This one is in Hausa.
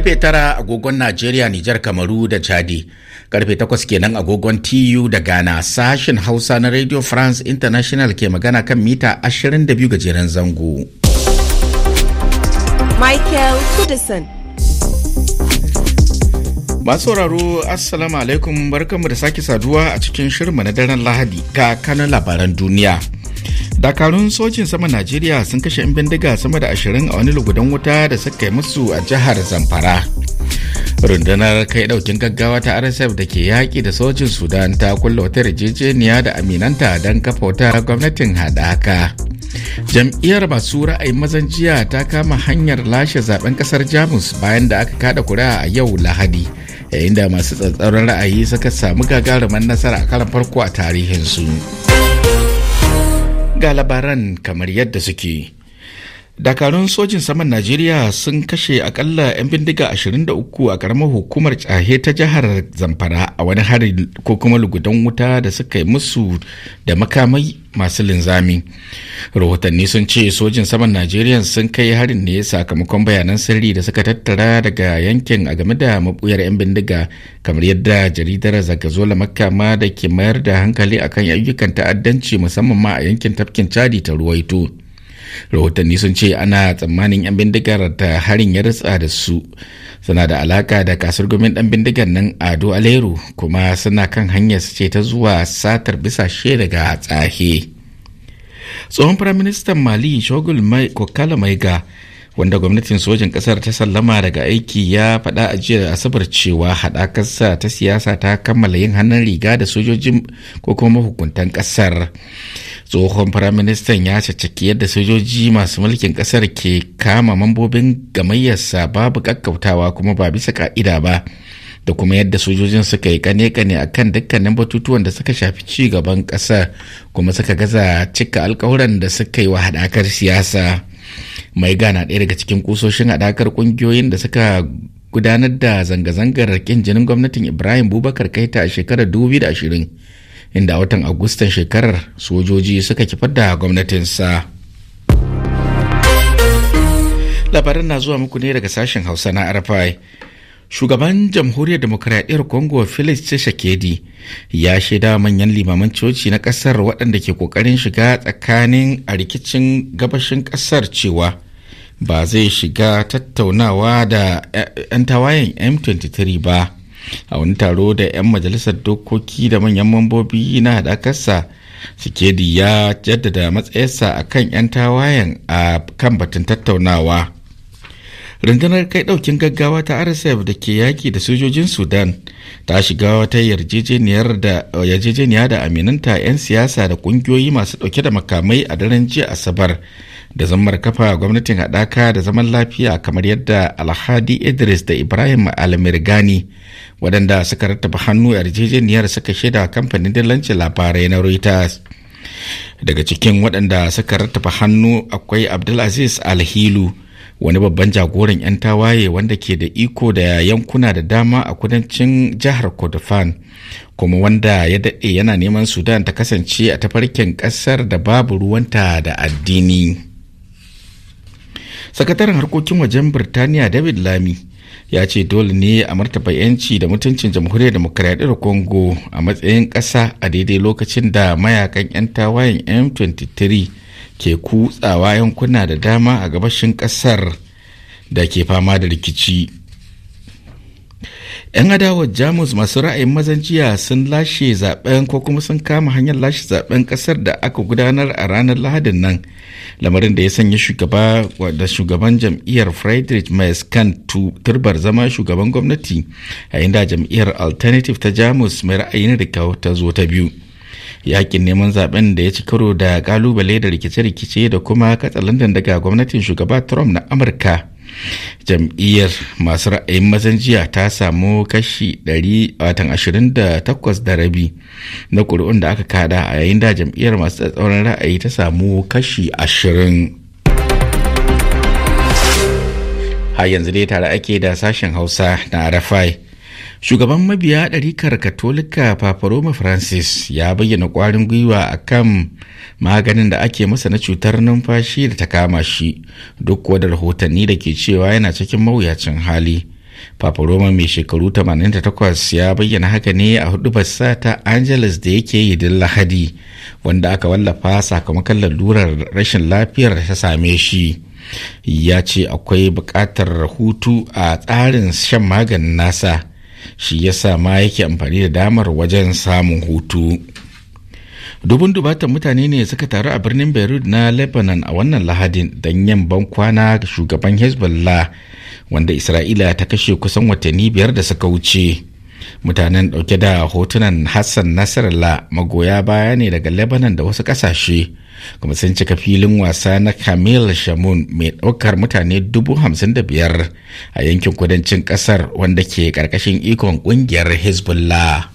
karfe tara agogon najeriya nijar kamaru da chadi karfe takwas kenan agogon tu da ghana sashen hausa na radio france international ke magana kan mita 22 gajeren zango michael kudison masu sauraro assalamu alaikum barkanmu da sake saduwa a cikin shirinmu na daren lahadi ga kanan labaran duniya dakarun sojin sama najeriya sun kashe 'yan bindiga sama da ashirin a wani lugudan wuta da suka yi musu a jihar zamfara rundunar kai daukin gaggawa ta rsf da ke yaƙi da sojin sudan ta kulla wata yarjejeniya da aminanta don kafa wata gwamnatin haɗaka jam'iyyar masu ra'ayin mazan jiya ta kama hanyar lashe zaben kasar jamus bayan da aka kada kuri'a a yau lahadi yayin da masu tsatsauran ra'ayi suka samu gagarumin nasara a karan farko a tarihinsu. su ga labaran kamar yadda suke. dakarun sojin saman najeriya sun kashe akalla 'yan bindiga 23 a karamar hukumar tsahe ta jihar zamfara a wani hari ko kuma lugudan wuta da suka yi musu da makamai masu linzami rahotanni sun ce sojin saman najeriya sun kai harin ne sakamakon bayanan sirri da suka tattara daga yankin a game da mabuyar 'yan bindiga kamar yadda jaridar zagazola makama da ke mayar da hankali akan ayyukan ta'addanci musamman ma a yankin tafkin chadi ta ruwaito rahotanni sun ce ana tsammanin 'yan bindigar ta harin ya ritsa da su suna da alaka da kasar gomin dan bindigar nan ado aleru kuma suna kan hanyar ce ta zuwa satar bisashe daga tsahe tsohon firaministan mali shogul mai kokala maiga wanda gwamnatin sojin kasar ta sallama daga aiki ya faɗa a jiya asabar cewa haɗakarsa ta siyasa ta kammala yin hannun riga da sojojin ko kuma mahukuntan kasar tsohon firaministan ya caccaki yadda sojoji masu mulkin kasar ke kama mambobin gamayyarsa babu kakkautawa kuma ba bisa ka'ida ba da kuma yadda sojojin suka yi kane-kane a kan dukkanin batutuwan da suka shafi ci gaban ƙasar kuma suka gaza cika alkawuran da suka yi wa hadakar siyasa mai gana ɗaya daga cikin kusoshin hadakar ƙungiyoyin da suka gudanar da zanga-zangar ƙin jinin gwamnatin ibrahim bubakar kaita a shekarar 2020 inda watan agustan shekarar sojoji suka kifar da gwamnatinsa labaran na zuwa muku ne daga sashen hausa na arafai shugaban jamhuriyar demokuraɗiyyar congo felix tshisekedi ya shaida manyan limaman coci na ƙasar waɗanda ke ƙoƙarin shiga tsakanin a rikicin gabashin ƙasar cewa ba zai shiga tattaunawa da 'yan tawayen m23 ba a wani taro da 'yan majalisar dokoki da manyan mambobi na haɗakarsa sikedi ya jaddada matsayarsa a kan 'yan tawayen a kan batun tattaunawa rundunar kai ɗaukin gaggawa ta rsf da ke yaƙi da sojojin sudan ta shiga wata yarjejeniya da aminanta 'yan siyasa da ƙungiyoyi masu ɗauke da makamai a daren jiya asabar da zammar kafa gwamnatin haɗaka da zaman lafiya kamar yadda alhadi idris da ibrahim almirgani waɗanda suka rattaba hannu yarjejeniyar suka shaida kamfanin dillancin labarai na reuters daga cikin waɗanda suka rattaba hannu akwai abdulaziz alhilu wani babban jagoran 'yan tawaye wanda ke da iko da yankuna da dama a kudancin jihar kordofan kuma wanda ya daɗe yana neman sudan ta kasance a tafarkin ƙasar da babu ruwanta da addini sakataren harkokin wajen birtaniya david lami ya ce dole ne a martaba yanci da mutuncin jamhuriyar demokuraɗiyar congo a matsayin ƙasa a daidai lokacin da mayakan 'yan tawayen m23 ke kutsawa yankuna da dama a gabashin ƙasar da ke fama da rikici 'yan adawar jamus masu ra'ayin mazan sun lashe zaben ko kuma sun kama hanyar lashe zaben kasar da aka gudanar a ranar lahadin nan lamarin da ya sanya shugaba da shugaban jam'iyyar friedrich maes kan turbar zama shugaban gwamnati a inda jam'iyyar alternative ta jamus mai ra'ayin da ta zo ta biyu yakin neman zaben da ya ci karo da kalubale da rikice-rikice da kuma katsalandan daga gwamnatin shugaba trump na amurka jam'iyyar masu ra'ayin mazan jiya ta samu kashi 28 da rabi na kuri'un da aka kada a yayin da jam'iyyar masu tsatsauran ra'ayi ta samu kashi 20 A yanzu dai tare ake da sashen hausa na rafai shugaban mabiya ɗarikar katolika papa roma francis ya bayyana ƙwarin gwiwa a kan maganin da ake masa na cutar numfashi da ta kama shi duk wadda rahotanni da ke cewa yana cikin mawuyacin hali papa roma mai shekaru 88 ya bayyana haka ne a hudu basa ta angeles da yake yi don lahadi wanda aka wallafa sakamakon lalurar rashin lafiyar ta same shi ya ce akwai bukatar hutu a tsarin shan maganin nasa shi ya sa ma yake amfani da damar wajen samun hutu dubun dubatan mutane ne suka taru a birnin beirut na lebanon a wannan lahadin don yin ban kwana shugaban hezbollah wanda isra'ila ta kashe kusan watanni biyar da suka wuce mutanen dauke da hotunan hassan nasarallah magoya baya ne daga lebanon da wasu kasashe kuma sun cika filin wasa na kamil shamun mai ɗaukar mutane dubu hamsin da biyar a yankin kudancin ƙasar wanda ke ƙarƙashin ikon ƙungiyar hezbollah